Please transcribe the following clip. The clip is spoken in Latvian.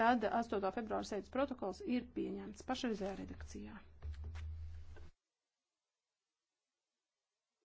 tad 8. februāra sēdes protokols ir pieņemts pašreizējā redakcijā.